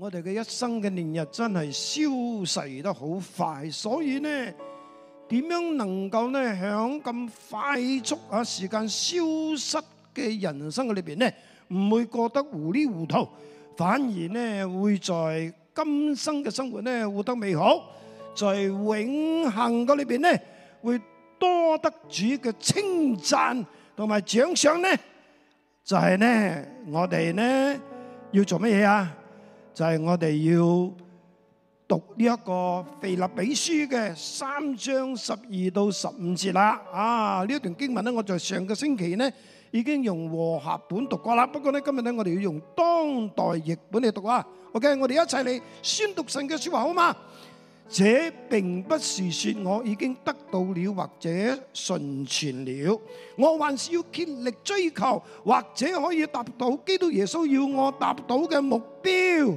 我哋嘅一生嘅年日真係消逝得好快，所以呢，點樣能夠呢響咁快速啊時間消失嘅人生嘅裏邊呢，唔會覺得糊裏糊塗，反而呢會在今生嘅生活呢活得美好，在永恆嘅裏邊呢會多得主嘅稱讚同埋獎賞呢？就係呢，我哋呢要做乜嘢啊？就係我哋要讀呢一個腓立比書嘅三章十二到十五節啦。啊，呢段經文咧，我就上個星期呢已經用和合本讀過啦。不過呢，今日呢我哋要用當代譯本嚟讀啊。OK，我哋一齊嚟宣讀神嘅說話好嗎？這並不是說我已經得到了或者順全了，我還是要竭力追求，或者可以達到基督耶穌要我達到嘅目標。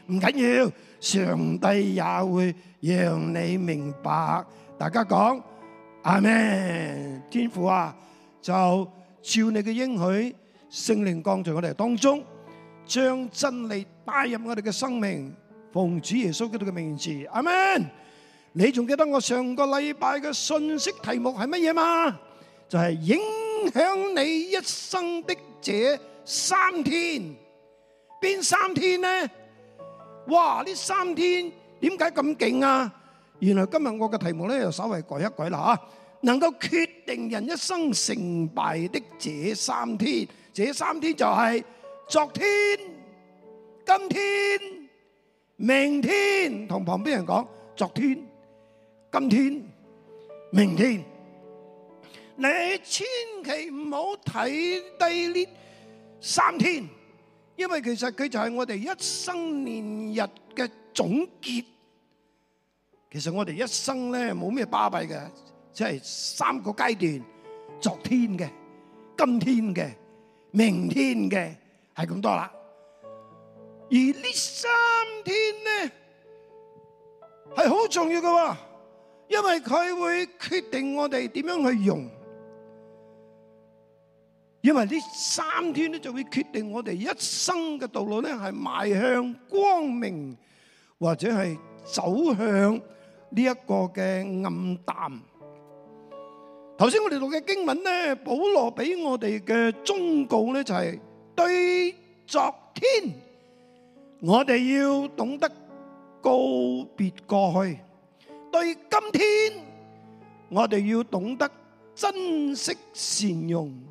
唔緊要，上帝也會讓你明白。大家講，阿們。天父啊，就照你嘅應許，聖靈降在我哋當中，將真理帶入我哋嘅生命，奉主耶穌基督嘅名字，阿們。你仲記得我上個禮拜嘅信息題目係乜嘢嗎？就係影響你一生的這三天，邊三天呢？哇！呢三天點解咁勁啊？原來今日我嘅題目咧又稍微改一改啦吓，能夠決定人一生成敗的這三天，這三天就係昨天、今天、明天。同旁邊人講，昨天、今天、明天，你千祈唔好睇低呢三天。因為其實佢就係我哋一生年日嘅總結。其實我哋一生咧冇咩巴閉嘅，即係三個階段：昨天嘅、今天嘅、明天嘅，係咁多啦。而呢三天咧，係好重要嘅，因為佢會決定我哋點樣去用。因為呢三天咧就會決定我哋一生嘅道路咧係邁向光明，或者係走向呢一個嘅暗淡。頭先我哋讀嘅經文咧，保羅俾我哋嘅忠告咧就係：對昨天，我哋要懂得告別過去；對今天，我哋要懂得珍惜善用。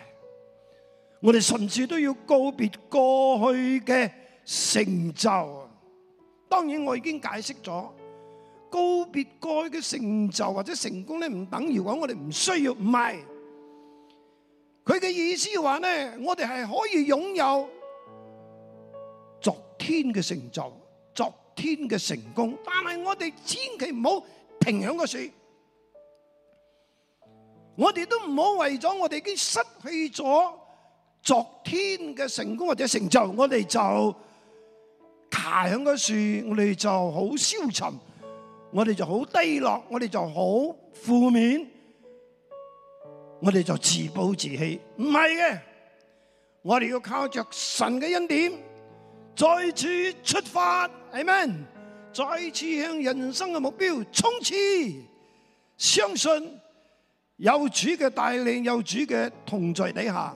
我哋甚至都要告別過去嘅成就。當然我已經解釋咗，告別過去嘅成就或者成功咧，唔等於話我哋唔需要。唔係，佢嘅意思話咧，我哋係可以擁有昨天嘅成就、昨天嘅成功，但係我哋千祈唔好停響個樹。我哋都唔好為咗我哋已經失去咗昨天嘅成功或者成就，我哋就爬響個樹，我哋就好消沉，我哋就好低落，我哋就好負面，我哋就自暴自棄。唔係嘅，我哋要靠着神嘅恩典，再次出發，係咪？再次向人生嘅目標衝刺。相信有主嘅帶領，有主嘅同在底下。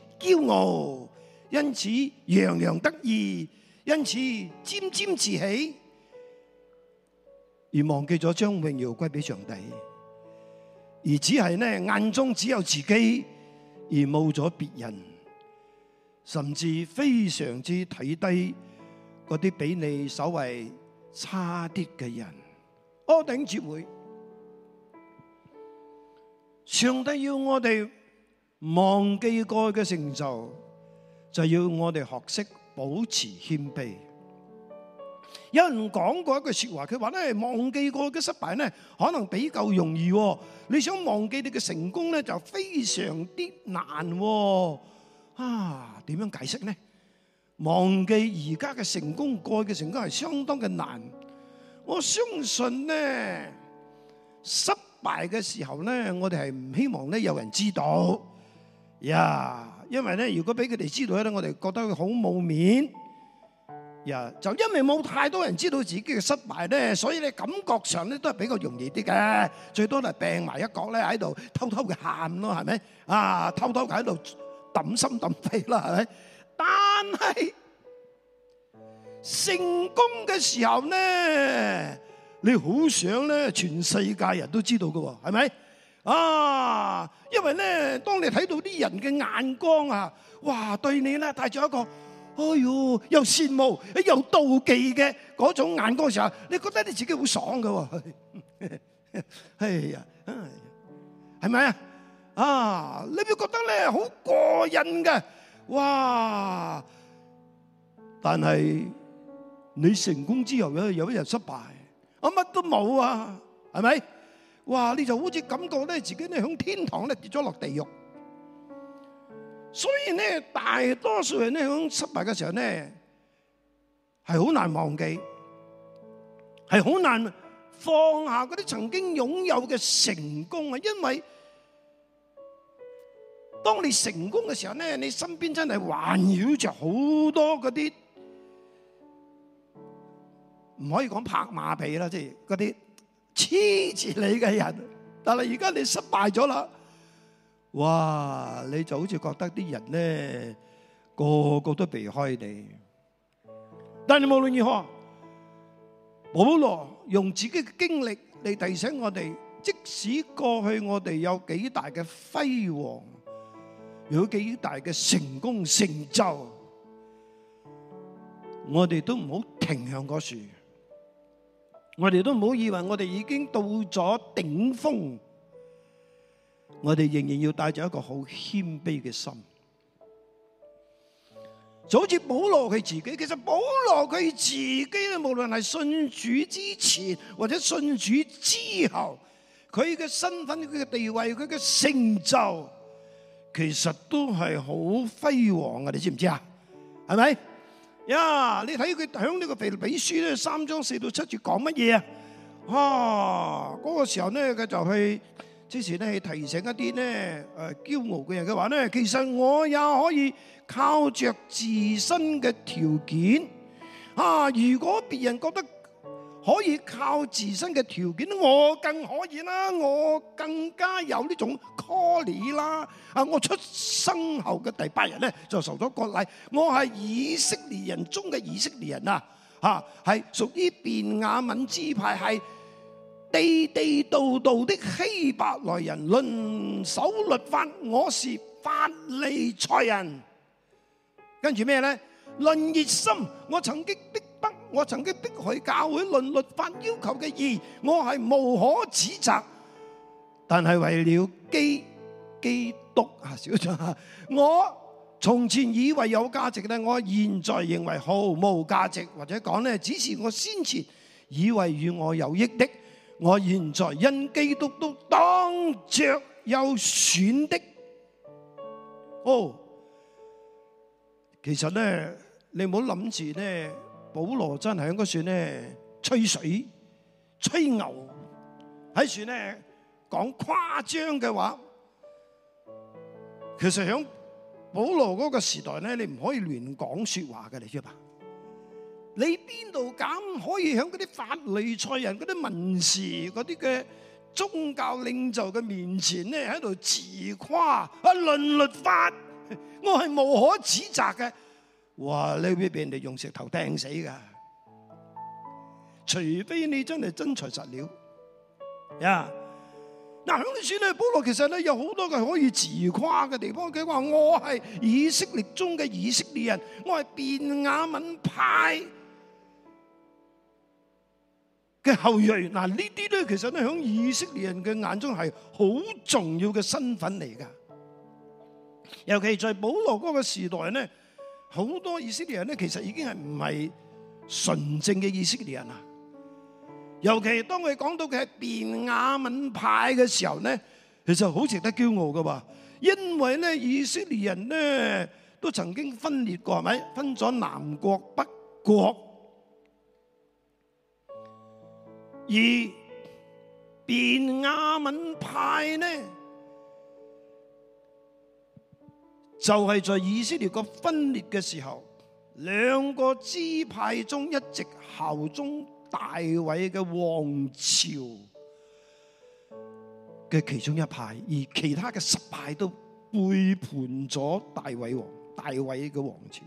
驕傲，因此洋洋得意，因此沾沾自喜，而忘記咗將榮耀歸俾上帝，而只係呢眼中只有自己，而冇咗別人，甚至非常之睇低嗰啲比你稍微差啲嘅人。阿頂主會，上帝要我哋忘記過去嘅成就，就要我哋學識保持謙卑。有人講過一句說話，佢話咧，忘記過去嘅失敗咧，可能比較容易，哦；你想忘記你嘅成功咧，就非常啲難，哦。啊，點樣解釋呢？忘記而家嘅成功，過去嘅成功係相當嘅難。我相信呢，失敗嘅時候咧，我哋係唔希望咧有人知道。呀，因為咧，如果俾佢哋知道咧，我哋覺得佢好冇面。呀，就因為冇太多人知道自己嘅失敗咧，所以咧感覺上咧都係比較容易啲嘅，最多都係病埋一角咧喺度偷偷嘅喊咯，係咪？啊，偷偷佢喺度揼心揼肺啦，係咪？但係成功嘅時候咧，你好想咧全世界人都知道㗎喎，係咪？啊！因為咧，當你睇到啲人嘅眼光啊，哇，對你咧帶咗一個，哎喲，又羨慕又妒忌嘅嗰種眼光嘅時候，你覺得你自己好爽噶？哎呀，係咪啊？啊，你會覺得咧好過癮嘅，哇！但係你成功之後，有有一日失敗，我乜都冇啊，係咪？哇！你就好似感覺咧，自己咧響天堂咧跌咗落地獄。所以咧，大多數人咧響失敗嘅時候咧，係好難忘記，係好難放下嗰啲曾經擁有嘅成功啊！因為當你成功嘅時候咧，你身邊真係環繞着好多嗰啲唔可以講拍馬屁啦，即係嗰啲黐住你嘅人，但係而家你失敗咗啦！哇，你就好似覺得啲人呢個個都避開你。但係無論如何，保羅用自己嘅經歷嚟提醒我哋：即使過去我哋有幾大嘅輝煌，有幾大嘅成功成就，我哋都唔好停向嗰樹。我哋都唔好以為我哋已經到咗頂峰，我哋仍然要帶住一個好謙卑嘅心。就好似保羅佢自己，其實保羅佢自己無論係信主之前或者信主之後，佢嘅身份、佢嘅地位、佢嘅成就，其實都係好輝煌㗎，你知唔知啊？係咪？呀！你睇佢響呢個腓立比書咧，三章四到七節講乜嘢啊？哈！嗰個時候咧，佢就去之前咧，提醒一啲咧誒驕傲嘅人嘅話咧，其實我也可以靠着自身嘅條件啊！如果別人覺得，可以靠自身嘅條件，我更可以啦，我更加有呢種 calling 啦。啊，我出生後嘅第八日咧就受咗割禮，我係以色列人中嘅以色列人啊！嚇，係屬於便雅憫支派，係地地道道的希伯來人。論守律法，我是法利賽人。跟住咩咧？論熱心，我曾經的。我曾經迫害教會，論律法要求嘅義，我係無可指責。但係為了基基督啊，小張啊，我從前以為有價值咧，我現在認為毫無價值，或者講咧，只是我先前以為與我有益的，我現在因基督都當着有損的。哦，其實咧，你唔好諗住咧。保羅真係喺嗰處咧吹水、吹牛，喺嗰處咧講誇張嘅話。其實喺保羅嗰個時代咧，你唔可以亂講說話嘅你知吧？你邊度敢可以喺嗰啲法利賽人、嗰啲文士、嗰啲嘅宗教領袖嘅面前咧喺度自誇？啊，論律法，我係無可指責嘅。哇！你會俾人哋用石頭掟死噶，除非你真係真材實料呀！嗱，喺呢處咧，保羅其實咧有好多嘅可以自誇嘅地方。佢話我係以色列中嘅以色列人，我係便雅憫派嘅後裔。嗱，呢啲咧其實咧喺以色列人嘅眼中係好重要嘅身份嚟噶，尤其在保羅嗰個時代咧。好多以色列人咧，其實已經係唔係純正嘅以色列人啊？尤其當佢講到佢係便雅憫派嘅時候咧，其實好值得驕傲嘅喎，因為咧以色列人咧都曾經分裂過，係咪分咗南國北國？而便雅憫派咧，就係在以色列國分裂嘅時候，兩個支派中一直效忠大衛嘅王朝嘅其中一派，而其他嘅十派都背叛咗大衛王，大衛嘅王朝。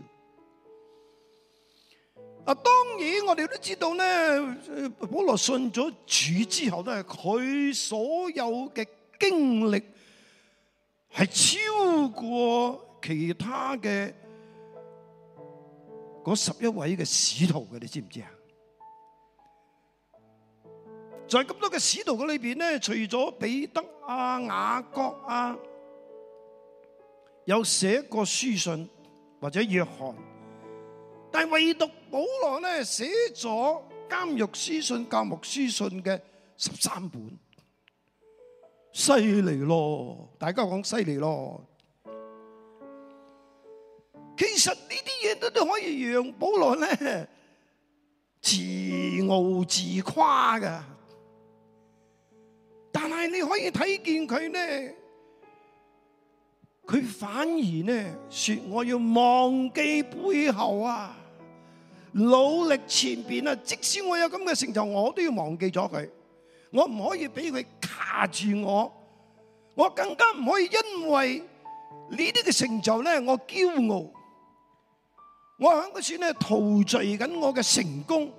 啊，當然我哋都知道咧，保羅信咗主之後都係，佢所有嘅經歷。係超過其他嘅嗰十一位嘅使徒嘅，你知唔知啊？在咁多嘅使徒嘅裏邊咧，除咗彼得啊、雅各啊，有寫過書信或者約翰，但係唯獨保羅咧寫咗監獄書信、教牧書信嘅十三本。犀利咯！大家講犀利咯。其實呢啲嘢都都可以讓保羅咧自傲自誇噶，但係你可以睇見佢呢，佢反而呢，說我要忘記背後啊，努力前邊啊。即使我有咁嘅成就，我都要忘記咗佢。我唔可以俾佢卡住我，我更加唔可以因為呢啲嘅成就咧，我驕傲，我響嗰時咧陶醉緊我嘅成功，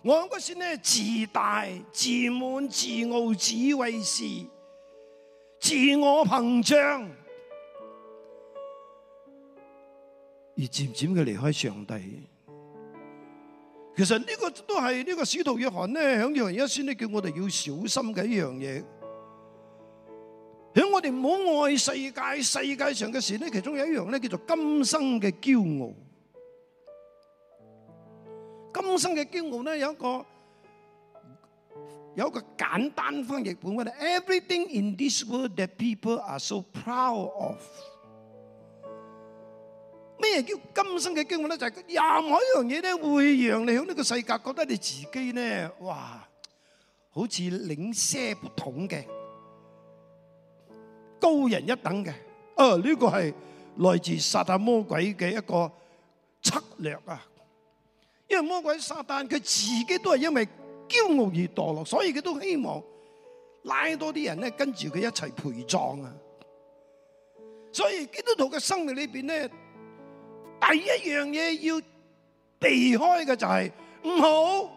我響嗰時咧自大、自滿、自傲、自以為是、自我膨脹，而漸漸嘅離開上帝。其實呢個都係呢個使徒約翰咧，喺約翰一書咧叫我哋要小心嘅一樣嘢。喺我哋唔好愛世界，世界上嘅事咧，其中有一樣咧叫做今生嘅驕傲。今生嘅驕傲咧有一個有一個簡單翻譯本嘅，Everything in this world that people are so proud of。咩叫今生嘅經驗呢？咧就係、是、任何一樣嘢咧，會讓你喺呢個世界覺得你自己咧，哇，好似領不同嘅，高人一等嘅。哦，呢、這個係來自撒旦魔鬼嘅一個策略啊！因為魔鬼撒旦佢自己都係因為驕傲而墮落，所以佢都希望拉多啲人咧跟住佢一齊陪葬啊！所以基督徒嘅生命裏邊咧。第一樣嘢要避開嘅就係唔好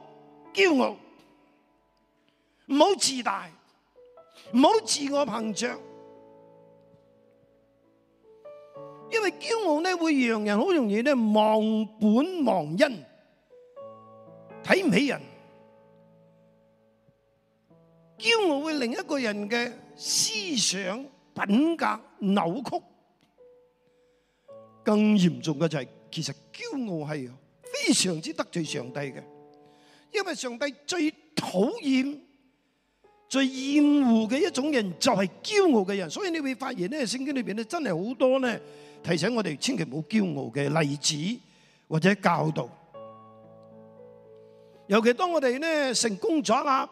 驕傲，唔好自大，唔好自我膨脹，因為驕傲呢會讓人好容易呢忘本忘恩，睇唔起人，驕傲會令一個人嘅思想品格扭曲。更嚴重嘅就係，其實驕傲係非常之得罪上帝嘅，因為上帝最討厭、最厭惡嘅一種人就係驕傲嘅人。所以你會發現咧，聖經裏邊咧真係好多咧提醒我哋千祈唔好驕傲嘅例子或者教導。尤其當我哋咧成功咗啦，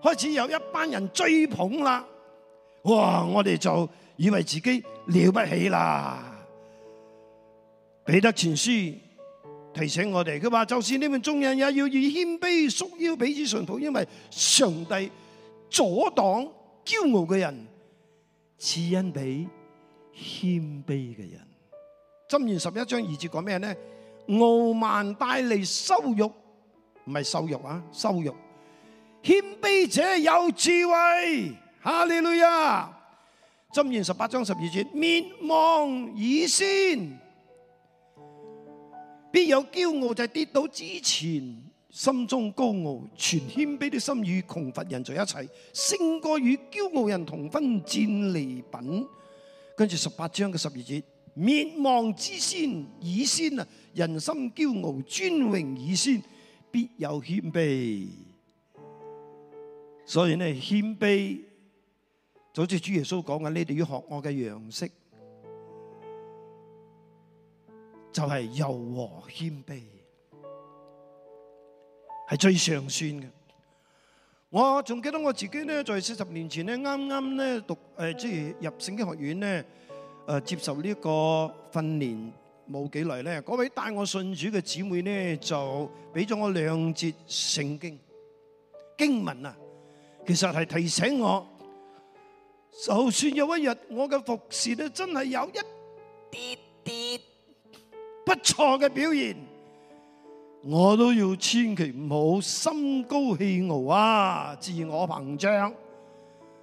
開始有一班人追捧啦，哇！我哋就以為自己了不起啦。彼得前書提醒我哋，佢話：就算你們眾人也要以謙卑束腰彼此相討，因為上帝阻擋驕傲嘅人，賜恩俾謙卑嘅人。箴言十一章二節講咩呢？傲慢帶嚟羞辱，唔係羞辱啊，羞辱。謙卑者有智慧，哈利路亞！箴言十八章十二節：滅亡以先。必有驕傲，就係、是、跌倒之前心中高傲，全謙卑的心與窮乏人在一齊，勝過與驕傲人同分戰利品。跟住十八章嘅十二節，滅亡之先以先啊，人心驕傲，尊榮以先必有謙卑。所以呢謙卑，就好似主耶穌講緊，你哋要學我嘅樣式。就係柔和謙卑，係最上算嘅。我仲記得我自己咧，在四十年前咧，啱啱咧讀誒，即係入聖經學院咧，誒，接受呢個訓練冇幾耐咧，嗰位帶我信主嘅姊妹咧，就俾咗我兩節聖經經文啊，其實係提醒我，就算有一日我嘅服侍咧，真係有一啲。不錯嘅表現，我都要千祈唔好心高氣傲啊，自我膨脹，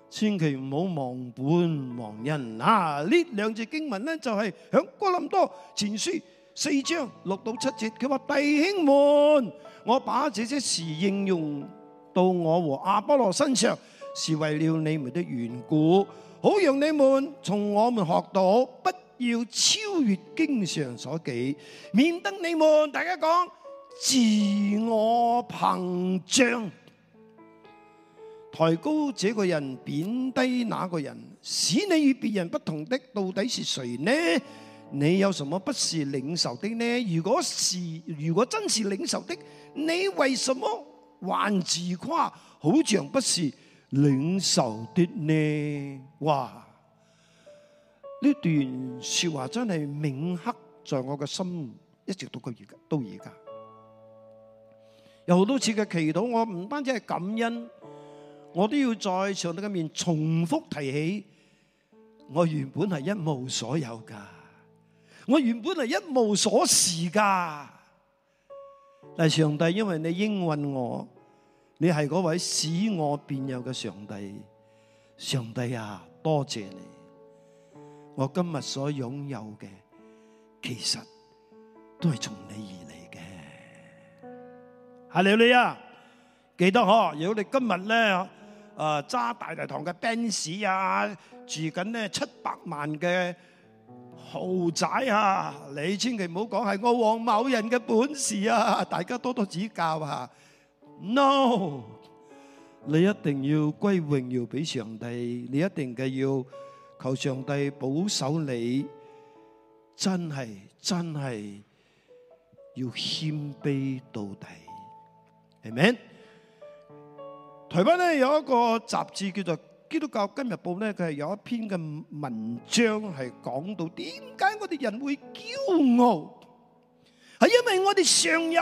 千祈唔好忘本忘恩啊！呢兩隻經文呢，就係喺哥林多前書四章六到七節，佢話弟兄們，我把這些事應用到我和阿波羅身上，是為了你們的緣故，好讓你們從我們學到不。要超越經常所記，免得你們大家講自我膨脹，抬高這個人，貶低那個人，使你與別人不同的到底是誰呢？你有什麼不是領受的呢？如果是如果真是領受的，你為什麼還自誇？好像不是領受的呢？哇！呢段說話真係銘刻在我嘅心，一直到今日到而家。有好多次嘅祈禱，我唔單止係感恩，我都要在上帝嘅面重複提起，我原本係一無所有噶，我原本係一無所事噶。但係上帝，因為你應允我，你係嗰位使我變有嘅上帝，上帝啊，多謝你。我今日所擁有嘅，其實都係從你而嚟嘅。係你啊，記得可。如果你今日咧，誒揸大禮堂嘅 Benz 啊，住緊咧七百萬嘅豪宅啊，你千祈唔好講係我黃某人嘅本事啊！大家多多指教啊。No，你一定要歸榮耀俾上帝，你一定嘅要。求上帝保守你，真係真係要謙卑到底，係咪？台灣咧有一個雜誌叫做《基督教今日報》咧，佢係有一篇嘅文章係講到，點解我哋人會驕傲？係因為我哋常有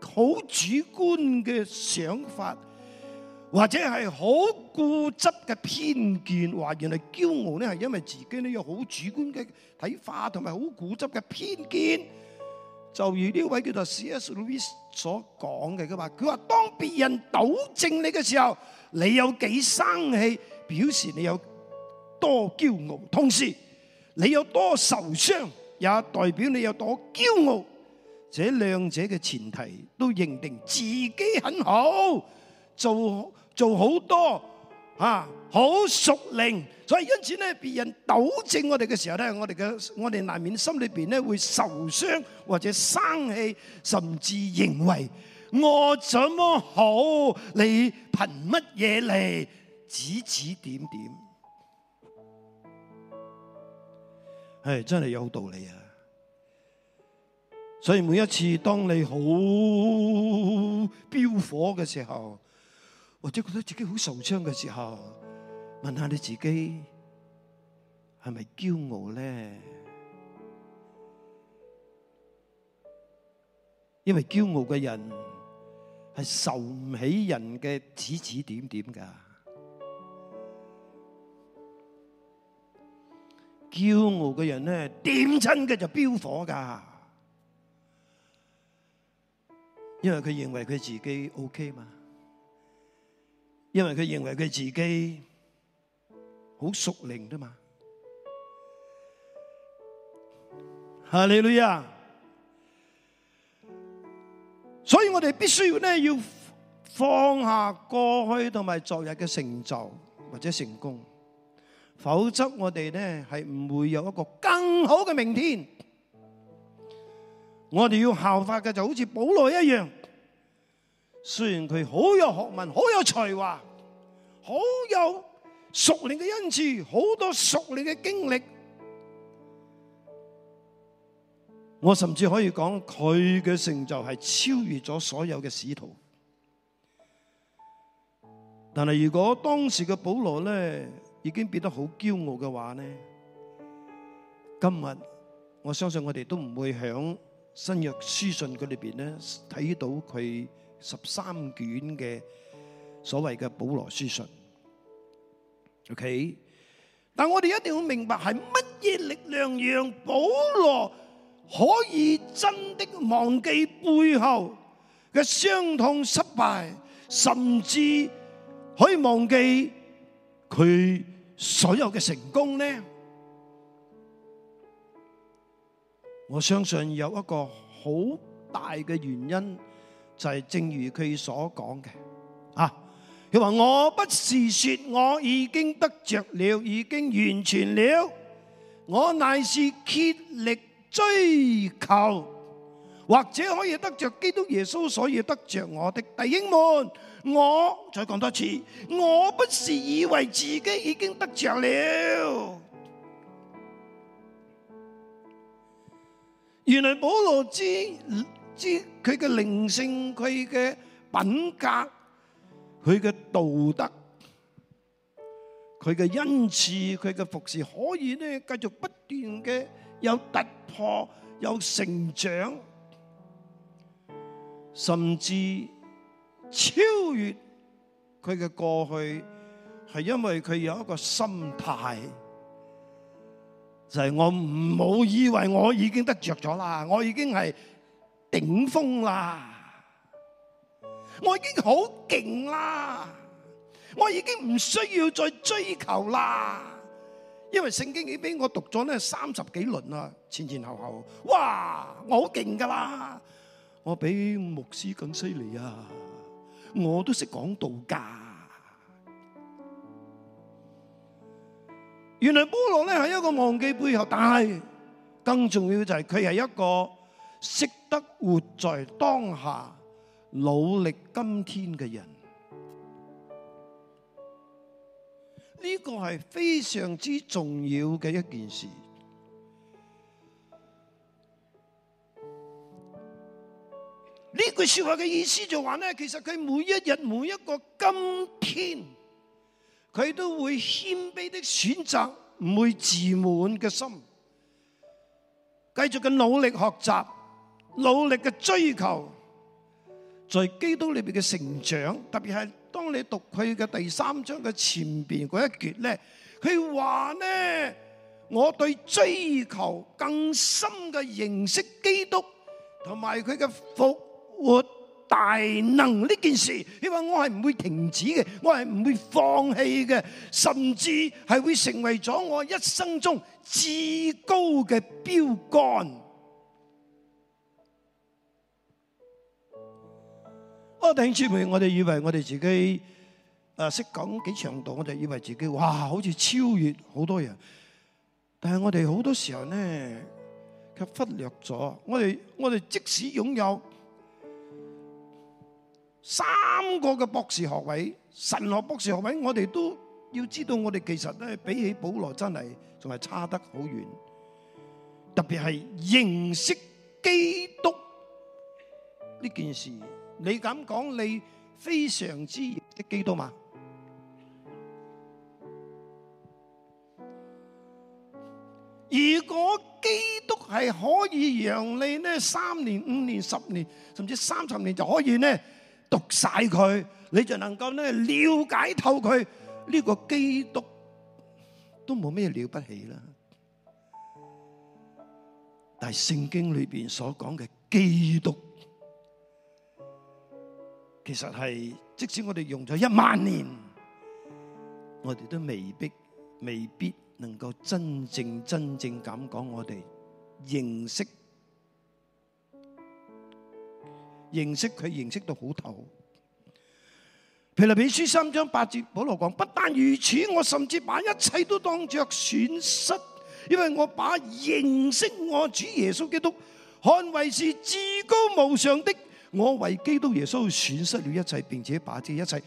好主觀嘅想法，或者係好。固執嘅偏見，話原來驕傲咧係因為自己咧有好主觀嘅睇法，同埋好固執嘅偏見。就如呢位叫做 C.S. Lewis 所講嘅，佢話：佢話當別人糾正你嘅時候，你有幾生氣，表示你有多驕傲；同時你有多受傷，也代表你有多驕傲。這兩者嘅前提都認定自己很好，做做好多。啊，好熟靈，所以因此咧，別人糾正我哋嘅時候咧，我哋嘅我哋難免心裏邊咧會受傷或者生氣，甚至認為我怎麼好，你憑乜嘢嚟指指點點？係真係有道理啊！所以每一次當你好飆火嘅時候，或者覺得自己好受傷嘅時候，問下你自己係咪驕傲咧？因為驕傲嘅人係受唔起人嘅指指點點噶。驕傲嘅人咧，點親佢就飆火噶，因為佢認為佢自己 OK 嘛。因為佢認為佢自己好屬靈啫嘛，哈利路亞，所以我哋必須要咧要放下過去同埋昨日嘅成就或者成功，否則我哋咧係唔會有一個更好嘅明天。我哋要效法嘅就好似保羅一樣。雖然佢好有學問、好有才華、好有熟練嘅恩賜、好多熟練嘅經歷，我甚至可以講佢嘅成就係超越咗所有嘅使徒。但係如果當時嘅保羅咧已經變得好驕傲嘅話呢，今日我相信我哋都唔會響新約書信佢裏邊呢睇到佢。十三卷嘅所謂嘅保羅書信，OK，但係我哋一定要明白係乜嘢力量讓保羅可以真的忘記背後嘅傷痛、失敗，甚至可以忘記佢所有嘅成功呢？我相信有一個好大嘅原因。就係正如佢所講嘅，啊！佢話我不是說我已經得着了，已經完全了。我乃是竭力追求，或者可以得着基督耶穌，所以得着我的。弟兄們，我再講多次，我不是以為自己已經得着了。原來保羅之知佢嘅靈性，佢嘅品格，佢嘅道德，佢嘅恩賜，佢嘅服侍，可以呢繼續不斷嘅有突破，有成長，甚至超越佢嘅過去，係因為佢有一個心態，就係、是、我唔好以為我已經得着咗啦，我已經係。頂峰啦！我已經好勁啦，我已經唔需要再追求啦。因為聖經已俾我讀咗咧三十幾輪啦，前前後後，哇！我好勁噶啦，我比牧師更犀利啊！我都識講道噶。原來保羅咧係一個忘記背後，但係更重要就係佢係一個。識得活在當下，努力今天嘅人，呢個係非常之重要嘅一件事。呢句說話嘅意思就話咧，其實佢每一日每一個今天，佢都會謙卑的選擇，唔會自滿嘅心，繼續嘅努力學習，努力嘅追求，在、就是、基督裏邊嘅成長，特別係當你讀佢嘅第三章嘅前邊嗰一節咧，佢話咧，我對追求更深嘅認識基督，同埋佢嘅復活大能呢件事，因為我係唔會停止嘅，我係唔會放棄嘅，甚至係會成為咗我一生中至高嘅標杆。我頂住，我哋以為我哋自己誒、啊、識講幾長度，我哋以為自己哇好似超越好多人。但係我哋好多時候咧，卻忽略咗。我哋我哋即使擁有三個嘅博士學位、神學博士學位，我哋都要知道，我哋其實咧比起保羅真係仲係差得好遠。特別係認識基督呢件事。你敢講你非常之熱的基督嗎？如果基督係可以讓你呢三年五年十年甚至三十年就可以呢讀晒佢，你就能夠呢了解透佢，呢個基督都冇咩了不起啦。但係聖經裏邊所講嘅基督，其實係，即使我哋用咗一萬年，我哋都未必未必能夠真正真正咁講，我哋認識認識佢，認識到好透。譬如《腓立比書》三章八節，保羅講：不但如此，我甚至把一切都當作損失，因為我把認識我主耶穌基督看為是至高無上的。我為基督耶穌損失了一切，並且把這一切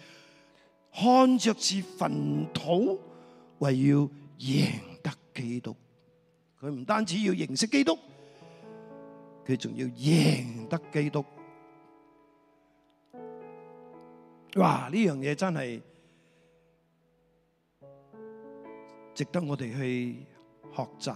看着是糞土，為要贏得基督。佢唔單止要認識基督，佢仲要贏得基督。哇！呢樣嘢真係值得我哋去學習。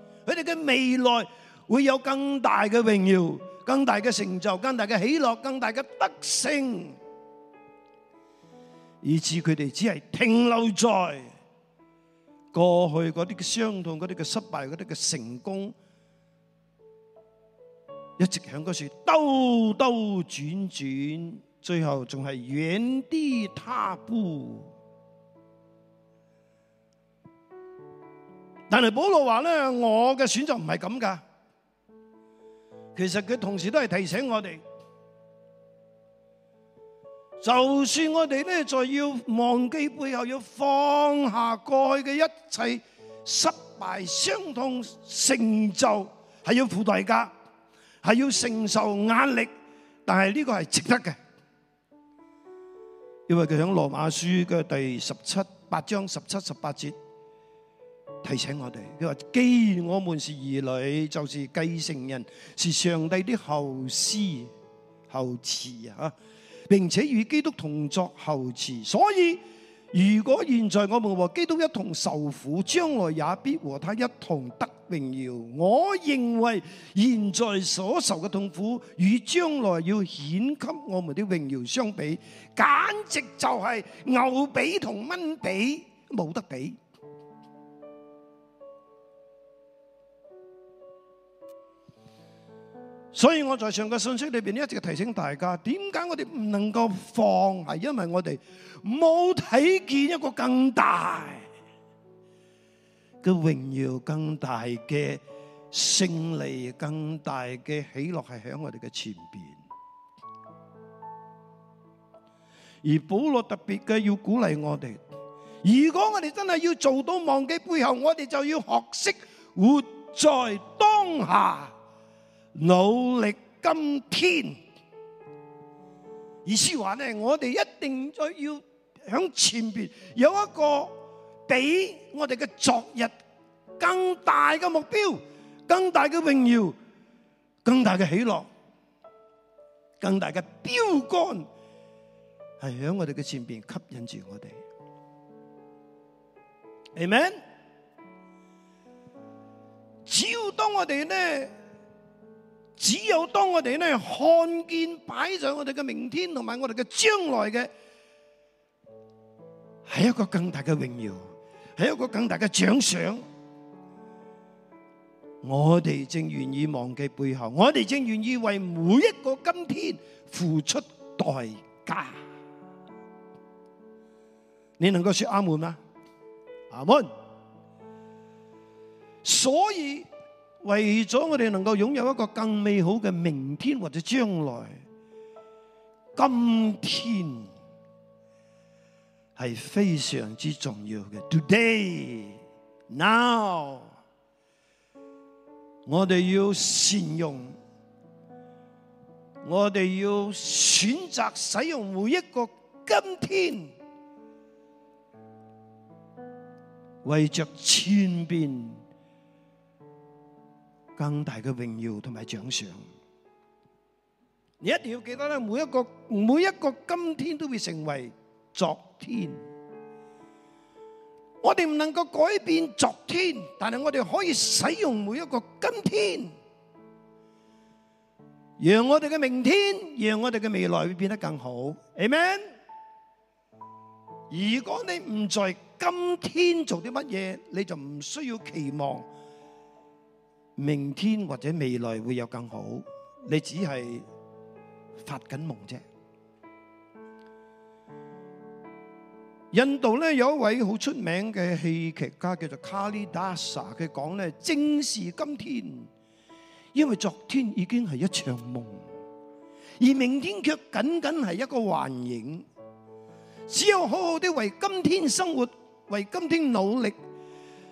佢哋嘅未來會有更大嘅榮耀、更大嘅成就、更大嘅喜樂、更大嘅得勝，以致佢哋只係停留在過去嗰啲嘅傷痛、嗰啲嘅失敗、嗰啲嘅成功，一直喺嗰處兜兜轉轉，最後仲係原地踏步。但係保羅話咧，我嘅選擇唔係咁噶。其實佢同時都係提醒我哋，就算我哋咧在要忘記背後，要放下過去嘅一切失敗、傷痛、成就，係要付代價，係要承受壓力，但係呢個係值得嘅。因為佢喺羅馬書嘅第十七八章十七十八節。提醒我哋，佢話：既然我們是兒女，就是繼承人，是上帝的後嗣、後嗣啊，並且與基督同作後嗣。所以，如果現在我們和基督一同受苦，將來也必和他一同得榮耀。我認為現在所受嘅痛苦，與將來要顯給我們的榮耀相比，簡直就係牛髀同蚊髀冇得比。所以我在上個信息裏邊一直提醒大家，點解我哋唔能夠放？係因為我哋冇睇見一個更大嘅榮耀、更大嘅勝利、更大嘅喜樂，係喺我哋嘅前邊。而保羅特別嘅要鼓勵我哋，如果我哋真係要做到忘記背後，我哋就要學識活在當下。努力今天，意思話咧，我哋一定再要響前邊有一個比我哋嘅昨日更大嘅目標，更大嘅榮耀，更大嘅喜樂，更大嘅標杆，係響我哋嘅前邊吸引住我哋。阿們，只要當我哋咧。只有當我哋咧看見擺上我哋嘅明天同埋我哋嘅將來嘅，係一個更大嘅榮耀，係一個更大嘅獎賞。我哋正願意忘記背後，我哋正願意為每一個今天付出代價。你能夠説阿門嗎？阿門。所以，為咗我哋能夠擁有一個更美好嘅明天或者將來，今天係非常之重要嘅。Today, now，我哋要善用，我哋要選擇使用每一個今天，為着千變。更大嘅榮耀同埋獎賞，你一定要記得咧。每一個每一個今天都會成為昨天，我哋唔能夠改變昨天，但係我哋可以使用每一個今天，讓我哋嘅明天，讓我哋嘅未來會變得更好。Amen，如果你唔在今天做啲乜嘢，你就唔需要期望。明天或者未來會有更好，你只係發緊夢啫。印度咧，有一位好出名嘅戲劇家叫做卡利達薩，佢講咧，正是今天，因為昨天已經係一場夢，而明天卻僅僅係一個幻影。只有好好的為今天生活，為今天努力。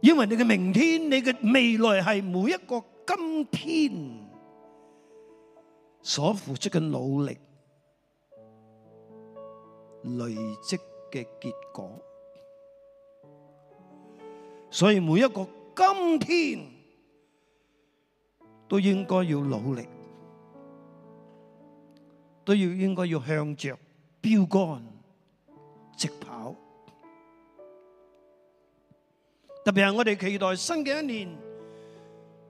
因為你嘅明天，你嘅未來係每一個今天所付出嘅努力累積嘅結果，所以每一個今天都應該要努力，都要應該要向着標杆直跑。特別係我哋期待新嘅一年，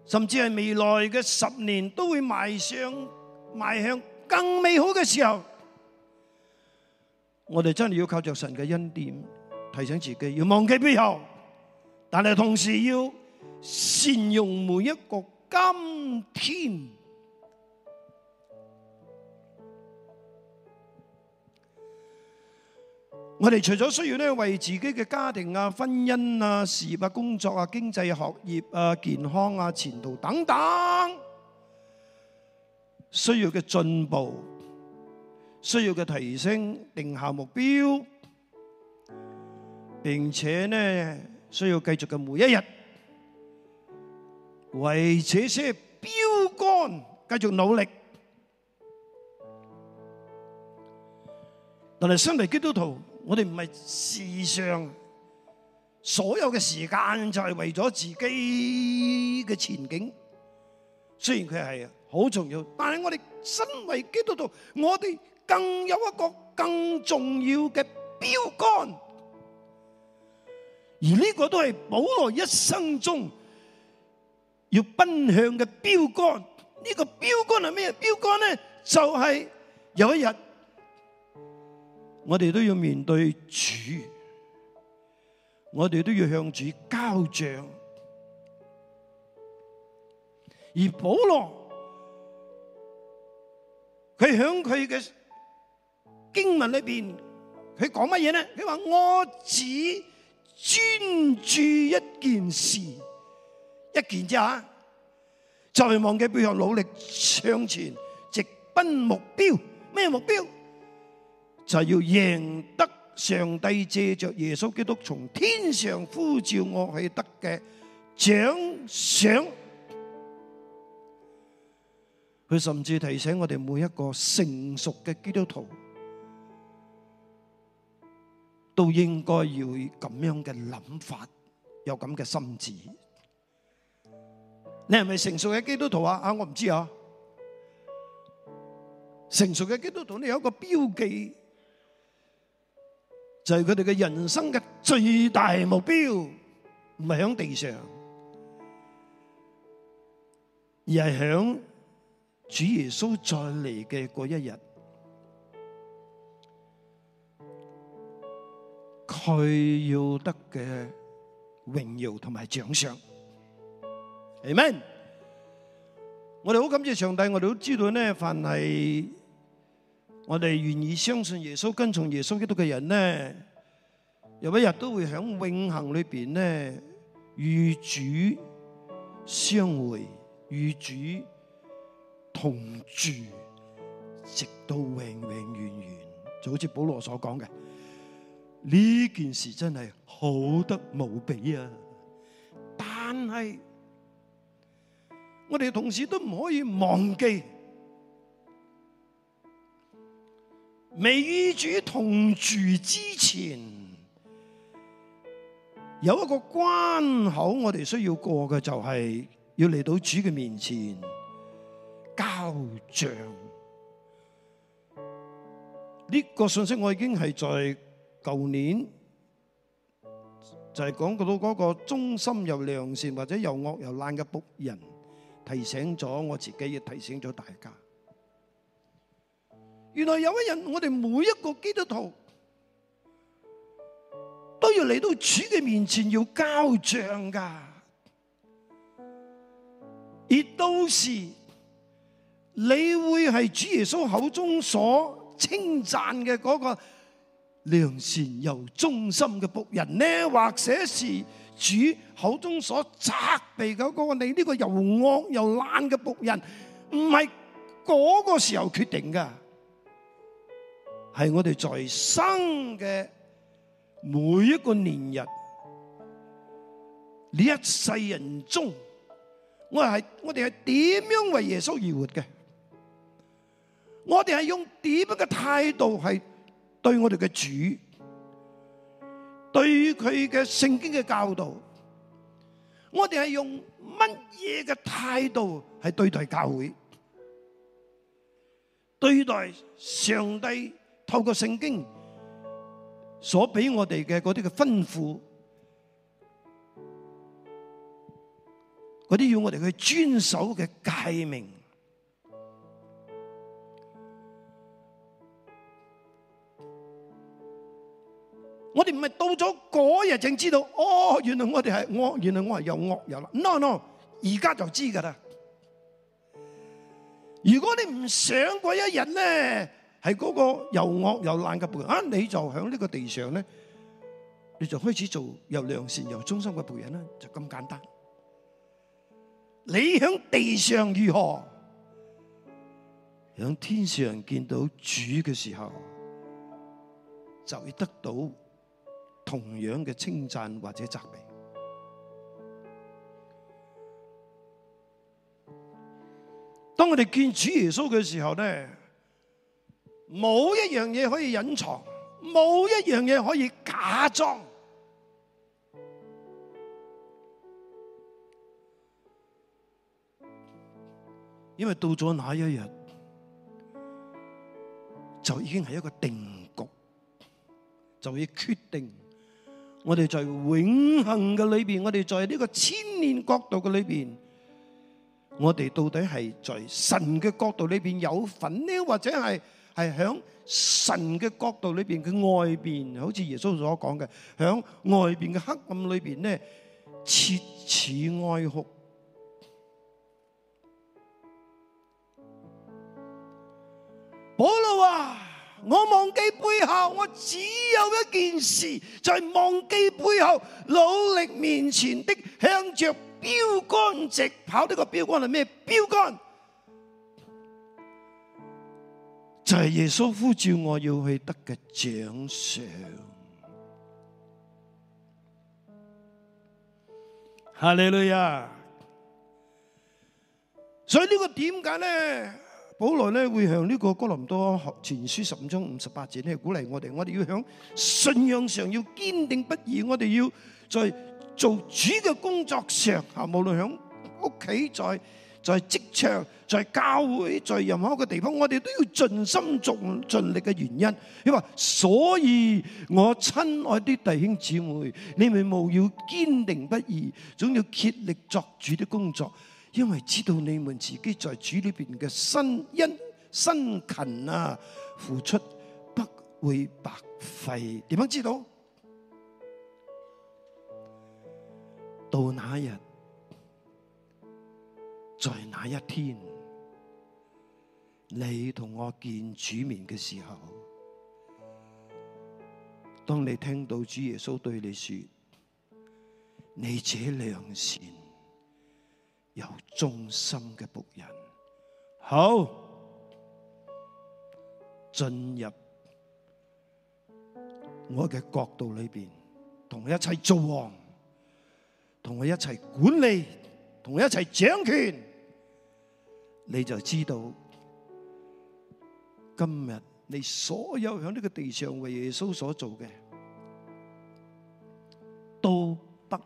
甚至係未來嘅十年，都會邁上邁向更美好嘅時候。我哋真係要靠着神嘅恩典，提醒自己要忘記背後，但係同時要善用每一個今天。我哋除咗需要呢，為自己嘅家庭啊、婚姻啊、事業啊、工作啊、經濟、學業啊、健康啊、前途等等，需要嘅進步，需要嘅提升，定下目標，並且呢需要繼續嘅每一日，為這些標杆繼續努力。但係身為基督徒，我哋唔係時尚，所有嘅時間就係為咗自己嘅前景。雖然佢係好重要，但係我哋身為基督徒，我哋更有一個更重要嘅標杆。而呢個都係保羅一生中要奔向嘅標杆。呢個標杆係咩？標杆呢就係有一日。我哋都要面對主，我哋都要向主交賬。而保羅佢響佢嘅經文裏邊，佢講乜嘢呢？佢話我只專注一件事，一件啫吓，就係忘記背後努力向前，直奔目標。咩目標？就要贏得上帝借着耶穌基督從天上呼召我去得嘅獎賞。佢甚至提醒我哋每一個成熟嘅基督徒都應該要咁樣嘅諗法，有咁嘅心智。你係咪成熟嘅基督徒啊？啊，我唔知啊。成熟嘅基督徒，你有一個標記。就係佢哋嘅人生嘅最大目標，唔係響地上，而係響主耶穌再嚟嘅嗰一日，佢要得嘅榮耀同埋獎賞。Amen。我哋好感謝上帝，我哋都知道咧，凡係。我哋願意相信耶穌，跟從耶穌基督嘅人呢，有一日都會喺永恒裏邊呢，與主相會，與主同住，直到永永遠遠。就好似保羅所講嘅，呢件事真係好得無比啊！但係我哋同時都唔可以忘記。未與主同住之前，有一個關口，我哋需要過嘅就係要嚟到主嘅面前交賬。呢、這個信息我已經係在舊年就係、是、講到嗰個忠心又良善或者又惡又懶嘅僕人，提醒咗我自己，亦提醒咗大家。原來有一日，我哋每一個基督徒都要嚟到主嘅面前要交賬噶。而到時你會係主耶穌口中所稱讚嘅嗰個良善又忠心嘅僕人呢？或者係主口中所責備嘅嗰個你呢個又惡又懶嘅僕人？唔係嗰個時候決定噶。係我哋在生嘅每一個年日，呢一世人中，我哋係我哋係點樣為耶穌而活嘅？我哋係用點樣嘅態度係對我哋嘅主，對佢嘅聖經嘅教導，我哋係用乜嘢嘅態度係對待教會，對待上帝？透過聖經所俾我哋嘅嗰啲嘅吩咐，嗰啲要我哋去遵守嘅誡命，我哋唔係到咗嗰日先知道，哦，原來我哋係惡，原來我係有惡有啦。no no，而家就知㗎喇。如果你唔想嗰一日咧。係嗰個又惡又懶嘅僕人，啊！你就喺呢個地上咧，你就開始做又良善又忠心嘅僕人啦，就咁簡單。你喺地上如何，喺天上見到主嘅時候，就會得到同樣嘅稱讚或者責備。當我哋見主耶穌嘅時候咧。冇一樣嘢可以隱藏，冇一樣嘢可以假裝，因為到咗那一日就已經係一個定局，就要決定我哋在永恆嘅裏邊，我哋在呢個千年國度嘅裏邊，我哋到底係在神嘅國度裏邊有份呢，或者係？係響神嘅角度裏邊嘅外邊，好似耶穌所講嘅，響外邊嘅黑暗裏邊咧，切齒哀哭。保羅啊，我忘記背後，我只有一件事，就係忘記背後，努力面前的，向着標杆直跑。呢個標杆係咩標杆？就係耶穌呼召我要去得嘅獎賞，哈利路亞。所以呢個點解咧，保羅咧會向呢個哥林多前書十五章五十八節咧鼓勵我哋，我哋要響信仰上要堅定不移，我哋要在做主嘅工作上，無論響屋企在。在職場、在教會、在任何一個地方，我哋都要盡心盡盡力嘅原因，因為所以我親愛的弟兄姊妹，你們務要堅定不移，總要竭力作主的工作，因為知道你們自己在主裏邊嘅辛因辛勤啊，付出不會白費，點樣知道？到那一日。在那一天，你同我見主面嘅時候，當你聽到主耶穌對你說：你這良善又忠心嘅僕人，好進入我嘅國度裏邊，同我一齊做王，同我一齊管理，同我一齊掌權。你就知道，今日你所有喺呢個地上為耶穌所做嘅，都不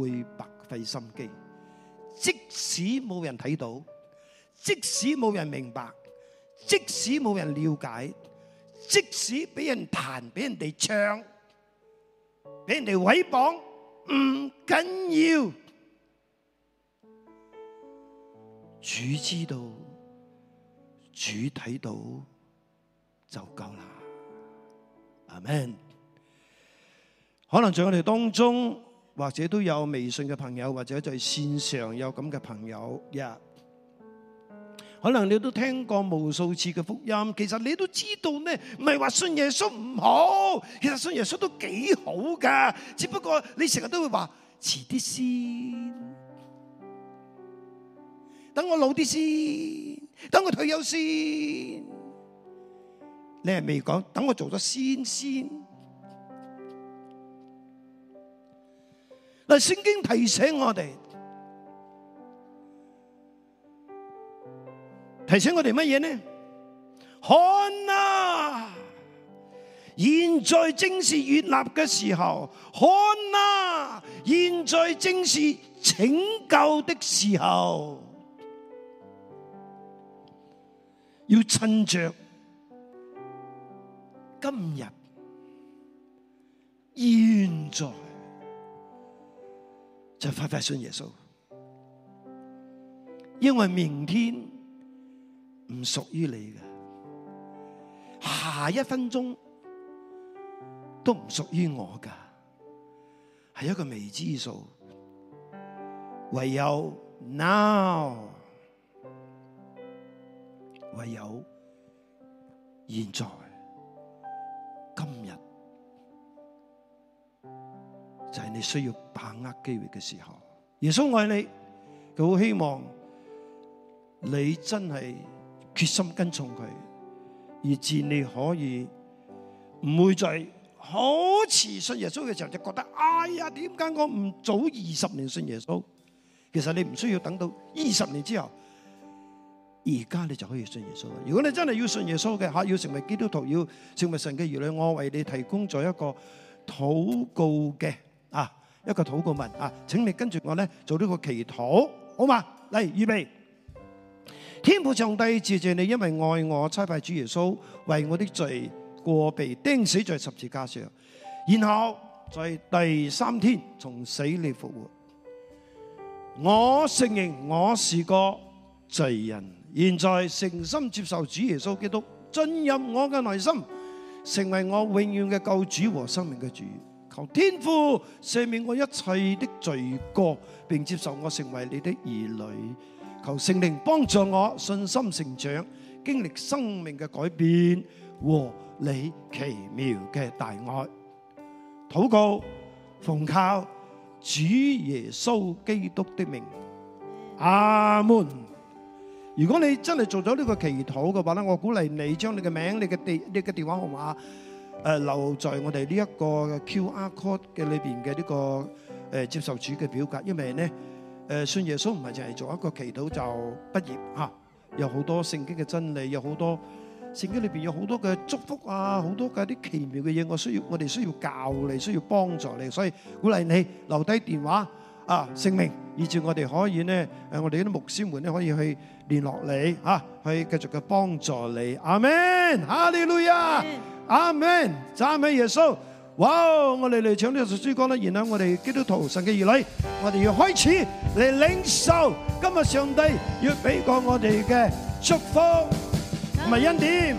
會白費心機。即使冇人睇到，即使冇人明白，即使冇人了解，即使俾人彈，俾人哋唱，俾人哋毀謗，唔緊要。主知道，主睇到就夠啦。阿 Man，可能在我哋當中，或者都有微信嘅朋友，或者在線上有咁嘅朋友，一、yeah、可能你都聽過無數次嘅福音，其實你都知道呢，唔係話信耶穌唔好，其實信耶穌都幾好噶，只不過你成日都會話遲啲先。等我老啲先，等我退休先。你係未講等我做咗先先。嗱，聖經提醒我哋，提醒我哋乜嘢呢？看啊，現在正是悅納嘅時候。看啊，現在正是拯救的時候。要趁着今日、現在，就快快信耶穌，因為明天唔屬於你嘅，下一分鐘都唔屬於我㗎，係一個未知數，唯有 now。唯有現在、今日，就係、是、你需要把握機會嘅時候。耶穌愛你，佢好希望你真係決心跟從佢，而至你可以唔會再好遲信耶穌嘅時候就覺得，哎呀，點解我唔早二十年信耶穌？其實你唔需要等到二十年之後。而家你就可以信耶穌。如果你真係要信耶穌嘅吓，要成為基督徒，要成為神嘅兒女，我為你提供咗一個禱告嘅啊，一個禱告文啊，請你跟住我咧做呢個祈禱，好嘛？嚟預備，天父上帝，謝謝你，因為愛我，差派主耶穌為我的罪過被釘死在十字架上，然後在第三天從死裏復活。我承認我是個罪人。現在誠心接受主耶穌基督進入我嘅內心，成為我永遠嘅救主和生命嘅主。求天父赦免我一切的罪過，並接受我成為你的兒女。求聖靈幫助我信心成長，經歷生命嘅改變和你奇妙嘅大愛。禱告，奉靠主耶穌基督的名，阿門。如果你真係做咗呢個祈禱嘅話咧，我鼓勵你將你嘅名、你嘅地、你嘅電話號碼誒留在我哋呢一個 QR code 嘅裏邊嘅呢個誒接受主嘅表格，因為咧誒信耶穌唔係淨係做一個祈禱就畢業嚇，有好多聖經嘅真理，有好多聖經裏邊有好多嘅祝福啊，好多嘅啲奇妙嘅嘢，我需要我哋需要教你，需要幫助你，所以鼓勵你留低電話啊姓名，以致我哋可以咧誒我哋啲牧師們咧可以去。聯絡你啊，去繼續嘅幫助你。阿門，哈利路亞，阿門，讚美耶穌。哇，我哋嚟唱呢首詩歌啦，然後我哋基督徒神嘅兒女，我哋要開始嚟領受今日上帝要俾過我哋嘅祝福同埋恩典。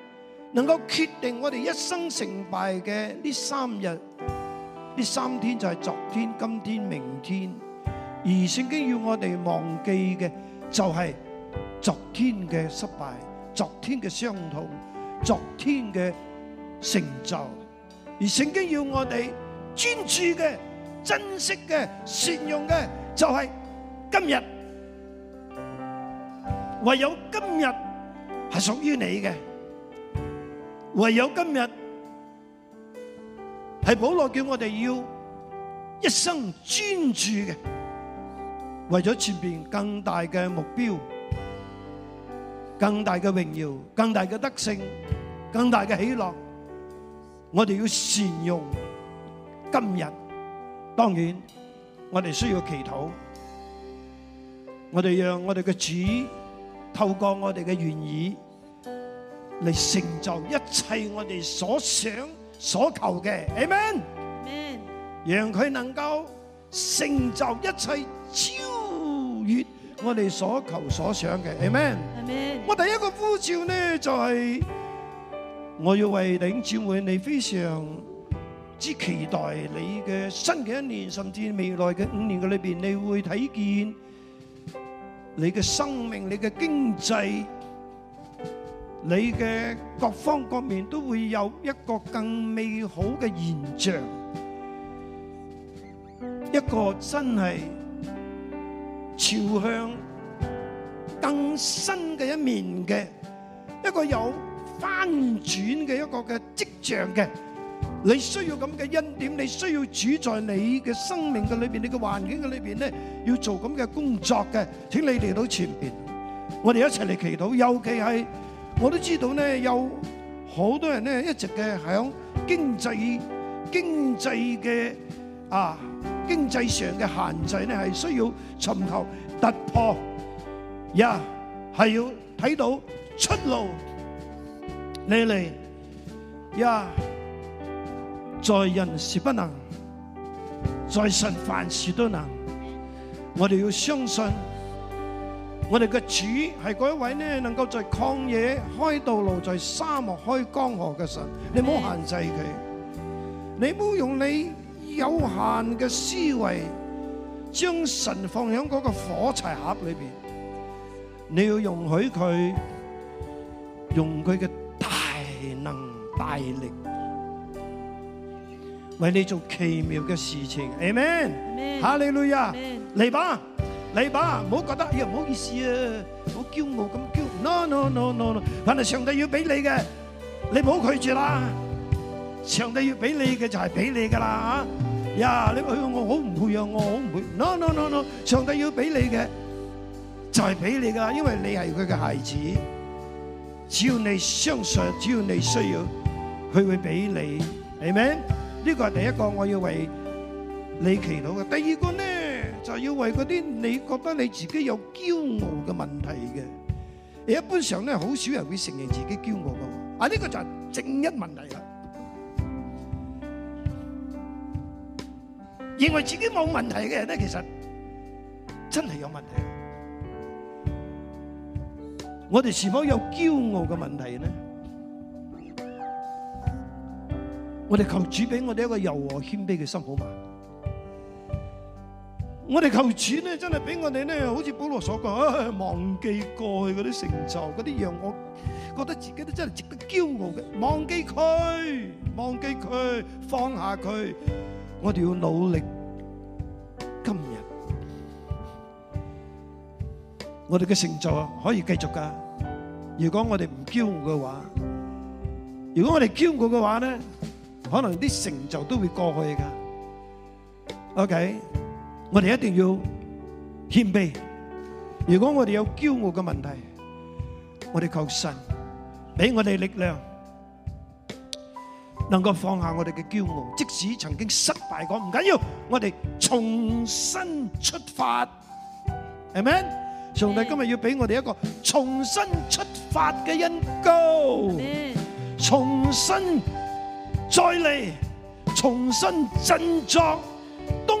能夠決定我哋一生成敗嘅呢三日，呢三天就係昨天、今天、明天。而聖經要我哋忘記嘅就係昨天嘅失敗、昨天嘅傷痛、昨天嘅成就。而聖經要我哋專注嘅、珍惜嘅、善用嘅就係今日，唯有今日係屬於你嘅。唯有今日係保羅叫我哋要一生專注嘅，為咗前邊更大嘅目標、更大嘅榮耀、更大嘅得勝、更大嘅喜樂，我哋要善用今日。當然，我哋需要祈禱，我哋讓我哋嘅主透過我哋嘅願意。嚟成就一切我哋所想所求嘅，amen。讓佢能夠成就一切超越我哋所求所想嘅，amen。我第一個呼召呢就係我要為弟兄姊妹你非常之期待你嘅新嘅一年，甚至未來嘅五年嘅裏邊，你會睇見你嘅生命、你嘅經濟。你嘅各方各面都會有一個更美好嘅現象，一個真係朝向更新嘅一面嘅一個有翻轉嘅一個嘅跡象嘅。你需要咁嘅恩典，你需要主在你嘅生命嘅裏邊、你嘅環境嘅裏邊咧，要做咁嘅工作嘅。請你嚟到前邊，我哋一齊嚟祈禱，尤其係。我都知道咧，有好多人咧一直嘅響經濟經濟嘅啊經濟上嘅限制咧，係需要尋求突破。呀，係要睇到出路。你嚟呀，yeah，在人是不能，在神凡事都能。我哋要相信。我哋嘅主係嗰一位呢，能夠在曠野開道路，在沙漠開江河嘅神，你唔好限制佢，Amen. 你唔好用你有限嘅思維將神放喺嗰個火柴盒裏邊，你要容許佢用佢嘅大能大力為你做奇妙嘅事情，Amen，哈利路亞，嚟吧。嚟吧，唔好覺得，哎呀，唔好意思啊，好驕傲咁驕。No no no no no，凡係上帝要俾你嘅，你唔好拒絕啦。上帝要俾你嘅就係俾你噶啦啊！呀，你我好唔配啊，我好唔配。No no no no，上帝要俾你嘅就係俾你噶啦，因為你係佢嘅孩子。只要你相信，只要你需要，佢會俾你，係咪？呢個係第一個，我要為你祈禱嘅。第二個咧，就要為嗰啲你覺得你自己有驕傲嘅問題嘅，而一般上咧，好少人會承認自己驕傲嘅。啊，呢個就係正一問題啦。認為自己冇問題嘅人咧，其實真係有問題。我哋是否有驕傲嘅問題咧？我哋求主俾我哋一個柔和謙卑嘅心好嘛？我哋求錢咧，真係俾我哋咧，好似保羅所講，哎，忘記過去嗰啲成就，嗰啲讓我覺得自己都真係值得驕傲嘅，忘記佢，忘記佢，放下佢，我哋要努力。今日我哋嘅成就可以繼續噶，如果我哋唔驕傲嘅話，如果我哋驕傲嘅話咧，可能啲成就都會過去噶。OK。我哋一定要謙卑。如果我哋有驕傲嘅問題，我哋求神俾我哋力量，能夠放下我哋嘅驕傲。即使曾經失敗過，唔緊要，我哋重新出發，係咪？上帝今日要俾我哋一個重新出發嘅恩膏，重新再嚟，重新振作。東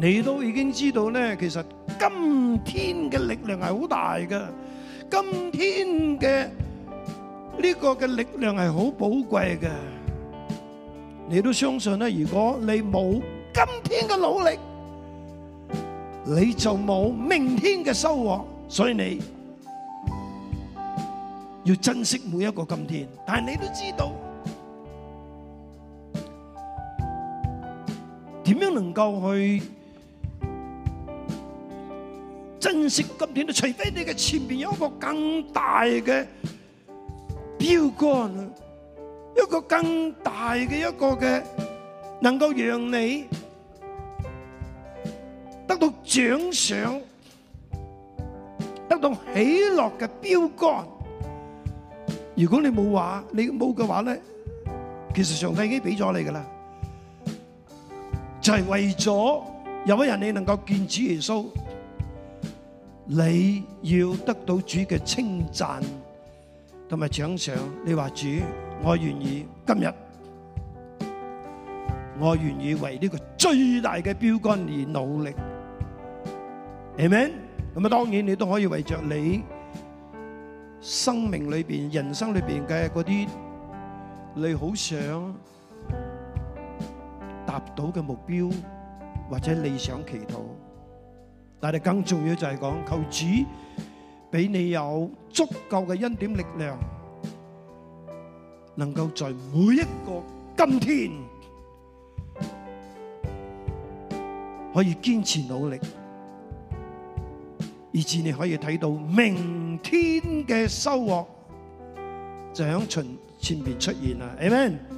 你都已經知道咧，其實今天嘅力量係好大嘅，今天嘅呢個嘅力量係好寶貴嘅。你都相信咧，如果你冇今天嘅努力，你就冇明天嘅收穫。所以你要珍惜每一個今天，但係你都知道點樣能夠去珍惜今天，除非你嘅前邊有一個更大嘅標杆，一個更大嘅一個嘅，能夠讓你得到獎賞、得到喜樂嘅標杆。如果你冇話，你冇嘅話咧，其實上帝已經俾咗你噶啦，就係為咗有乜人你能夠見主耶穌。你要得到主嘅稱讚同埋獎賞，你話主，我願意今日，我願意為呢個最大嘅標杆而努力，明唔明？咁啊，當然你都可以為着你生命裏邊、人生裏邊嘅嗰啲你好想達到嘅目標或者理想祈禱。但係更重要就係講求主俾你有足夠嘅恩典力量，能夠在每一個今天可以堅持努力，以致你可以睇到明天嘅收穫就喺前面出現啦。Amen。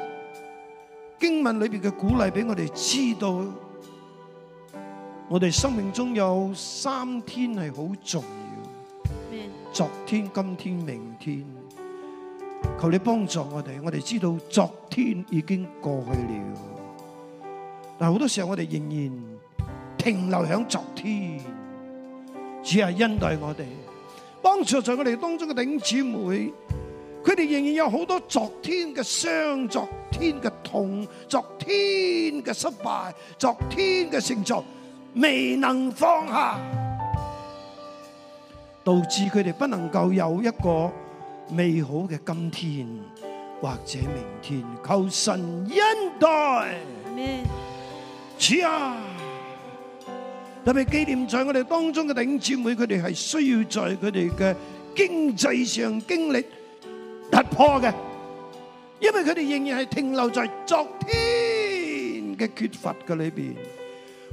經文裏邊嘅鼓勵俾我哋知道，我哋生命中有三天係好重要，昨天、今天、明天。求你幫助我哋，我哋知道昨天已經過去了，但好多時候我哋仍然停留喺昨天。主啊，恩待我哋，幫助在我哋當中嘅弟兄姊妹。佢哋仍然有好多昨天嘅傷、昨天嘅痛、昨天嘅失敗、昨天嘅成就未能放下，導致佢哋不能夠有一個美好嘅今天或者明天。求神恩待，阿門天。啊，特別紀念在我哋當中嘅弟兄姊妹，佢哋係需要在佢哋嘅經濟上經歷突破嘅，因為佢哋仍然係停留在昨天嘅缺乏嘅裏邊。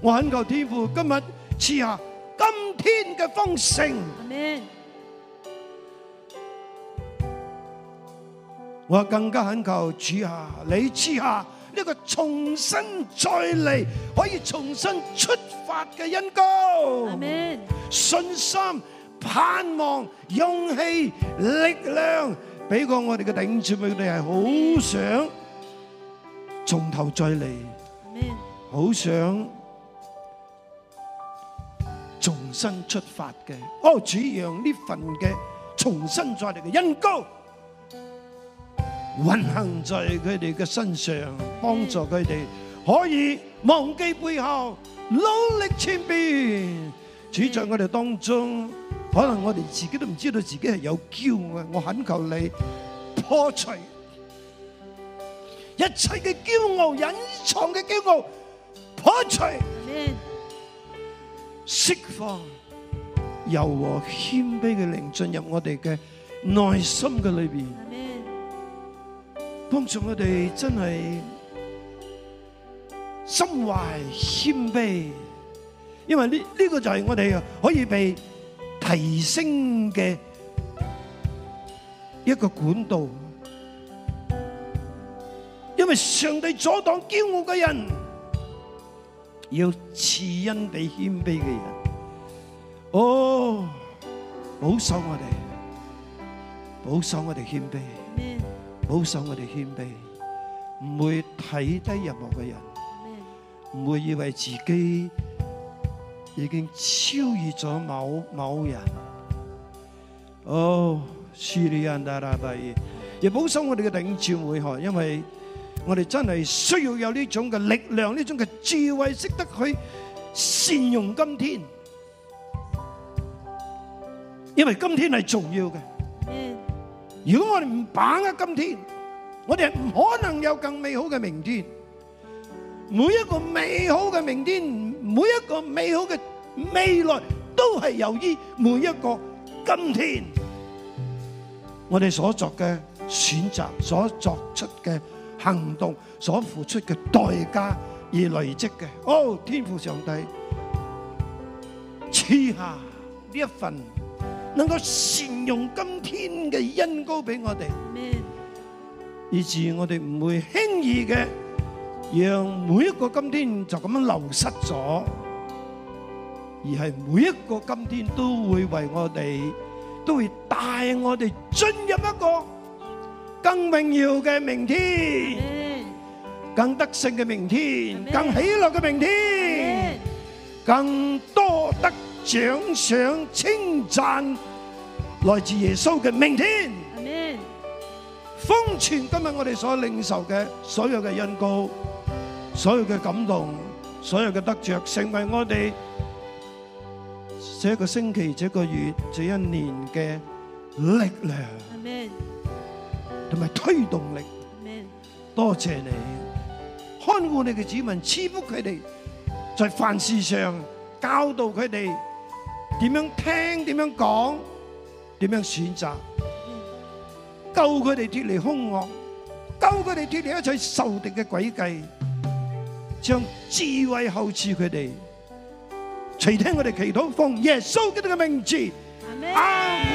我懇求天父今日賜下今天嘅豐盛。阿門。我更加懇求主啊，你賜下呢個重新再嚟，可以重新出發嘅恩膏。阿門。信心、盼望、勇氣、力量。俾過我哋嘅頂住，佢哋係好想從頭再嚟，好想重新出發嘅。哦，主讓呢份嘅重新再嚟嘅恩膏運行在佢哋嘅身上，幫助佢哋可以忘記背後，努力前邊。主在我哋當中。可能我哋自己都唔知道自己係有驕傲嘅，我懇求你破除一切嘅驕傲，隱藏嘅驕傲，破除，釋放柔和謙卑嘅靈進入我哋嘅內心嘅裏邊，幫助我哋真係心懷謙卑，因為呢呢個就係我哋可以被提升嘅一個管道，因為上帝阻擋驕傲嘅人，要賜恩俾謙卑嘅人。哦，保守我哋，保守我哋謙卑，保守我哋謙卑，唔會睇低任何嘅人，唔會以為自己。已經超越咗某某人。哦，敘利亞阿拉伯，亦保守我哋嘅領袖會學，因為我哋真係需要有呢種嘅力量，呢種嘅智慧，識得去善用今天。因為今天係重要嘅。嗯。如果我哋唔把握今天，我哋係唔可能有更美好嘅明天。每一個美好嘅明天。每一個美好嘅未來都係由於每一個今天，我哋所作嘅選擇、所作出嘅行動、所付出嘅代價而累積嘅。哦，天父上帝賜下呢一份，能夠善用今天嘅恩膏俾我哋，Amen. 以致我哋唔會輕易嘅。讓每一個今天就咁樣流失咗，而係每一個今天都會為我哋，都會帶我哋進入一個更榮耀嘅明天，更得勝嘅明天，更喜樂嘅明天，更多得獎賞稱讚來自耶穌嘅明天。Amen。封存今日我哋所領受嘅所有嘅恩膏。所有嘅感動，所有嘅得着，成為我哋這個星期、這個月、這一年嘅力量，同埋推動力。多謝你看顧你嘅子民，賜福佢哋在凡事上教導佢哋點樣聽、點樣講、點樣選擇，救佢哋脫離凶惡，救佢哋脫離一切仇敵嘅詭計。將智慧厚賜佢哋，垂聽我哋祈禱，奉耶穌基督嘅名字。Amen.